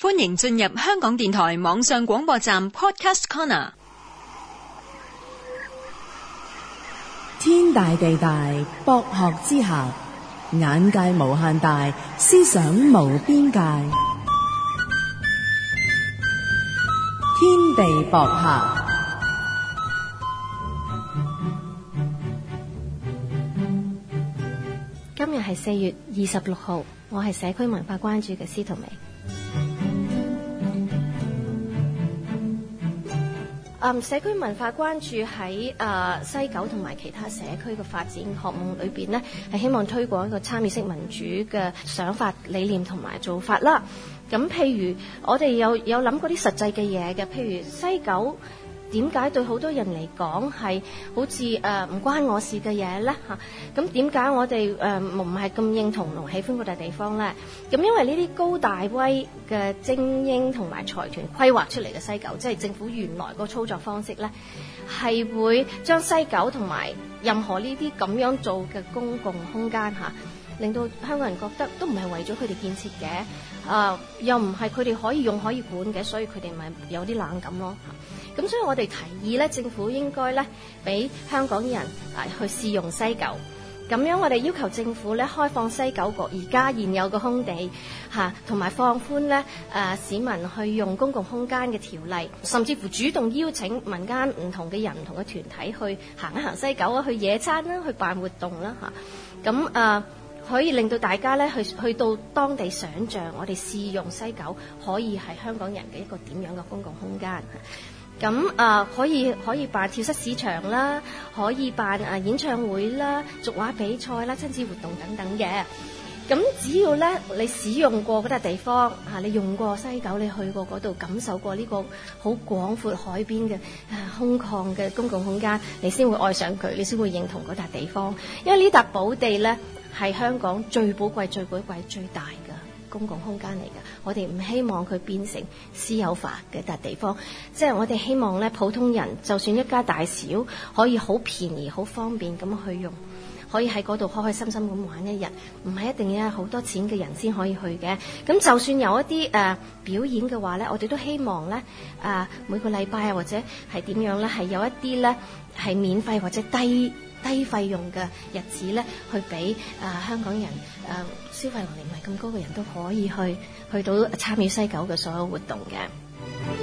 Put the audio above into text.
歡迎進入香港電台網上廣播站 Podcast Corner。天大地大，博學之下；眼界無限大，思想無邊界。天地博客。今日係四月二十六號，我係社區文化關注嘅司徒薇。嗯，社區文化關注喺誒、呃、西九同埋其他社區嘅發展學務裏邊咧，係希望推廣一個參與式民主嘅想法、理念同埋做法啦。咁譬如我哋有有諗過啲實際嘅嘢嘅，譬如西九。點解對好多人嚟講係好似誒唔關我事嘅嘢咧嚇？咁點解我哋誒唔係咁認同、唔喜歡嗰笪地方咧？咁、啊、因為呢啲高大威嘅精英同埋財團規劃出嚟嘅西九，即係政府原來個操作方式咧，係會將西九同埋任何呢啲咁樣做嘅公共空間嚇、啊，令到香港人覺得都唔係為咗佢哋建設嘅，啊又唔係佢哋可以用可以管嘅，所以佢哋咪有啲冷感咯。啊咁所以我哋提議咧，政府應該咧俾香港人啊去試用西九咁樣。我哋要求政府咧開放西九國而家現有嘅空地嚇，同埋放寬咧誒市民去用公共空間嘅條例，甚至乎主動邀請民間唔同嘅人、唔同嘅團體去行一行西九啊，去野餐啦，去辦活動啦嚇。咁可以令到大家咧去去到當地，想象我哋試用西九可以係香港人嘅一個點樣嘅公共空間。咁啊，可以可以辦跳蚤市場啦，可以辦誒演唱會啦、俗話比賽啦、親子活動等等嘅。咁只要咧，你使用過嗰笪地方啊，你用過西九，你去過嗰度感受過呢個好廣闊海邊嘅空曠嘅公共空間，你先會愛上佢，你先會認同嗰笪地方。因為呢笪寶地咧，係香港最寶貴、最寶貴、最大嘅。公共空間嚟嘅，我哋唔希望佢變成私有化嘅笪地方，即係我哋希望咧，普通人就算一家大小，可以好便宜、好方便咁去用。可以喺嗰度開開心心咁玩一日，唔係一定要好多錢嘅人先可以去嘅。咁就算有一啲、呃、表演嘅話咧，我哋都希望咧啊、呃、每個禮拜啊或者係點樣咧係有一啲咧係免費或者低低費用嘅日子咧，去俾啊、呃、香港人、呃、消費能力唔係咁高嘅人都可以去去到參與西九嘅所有活動嘅。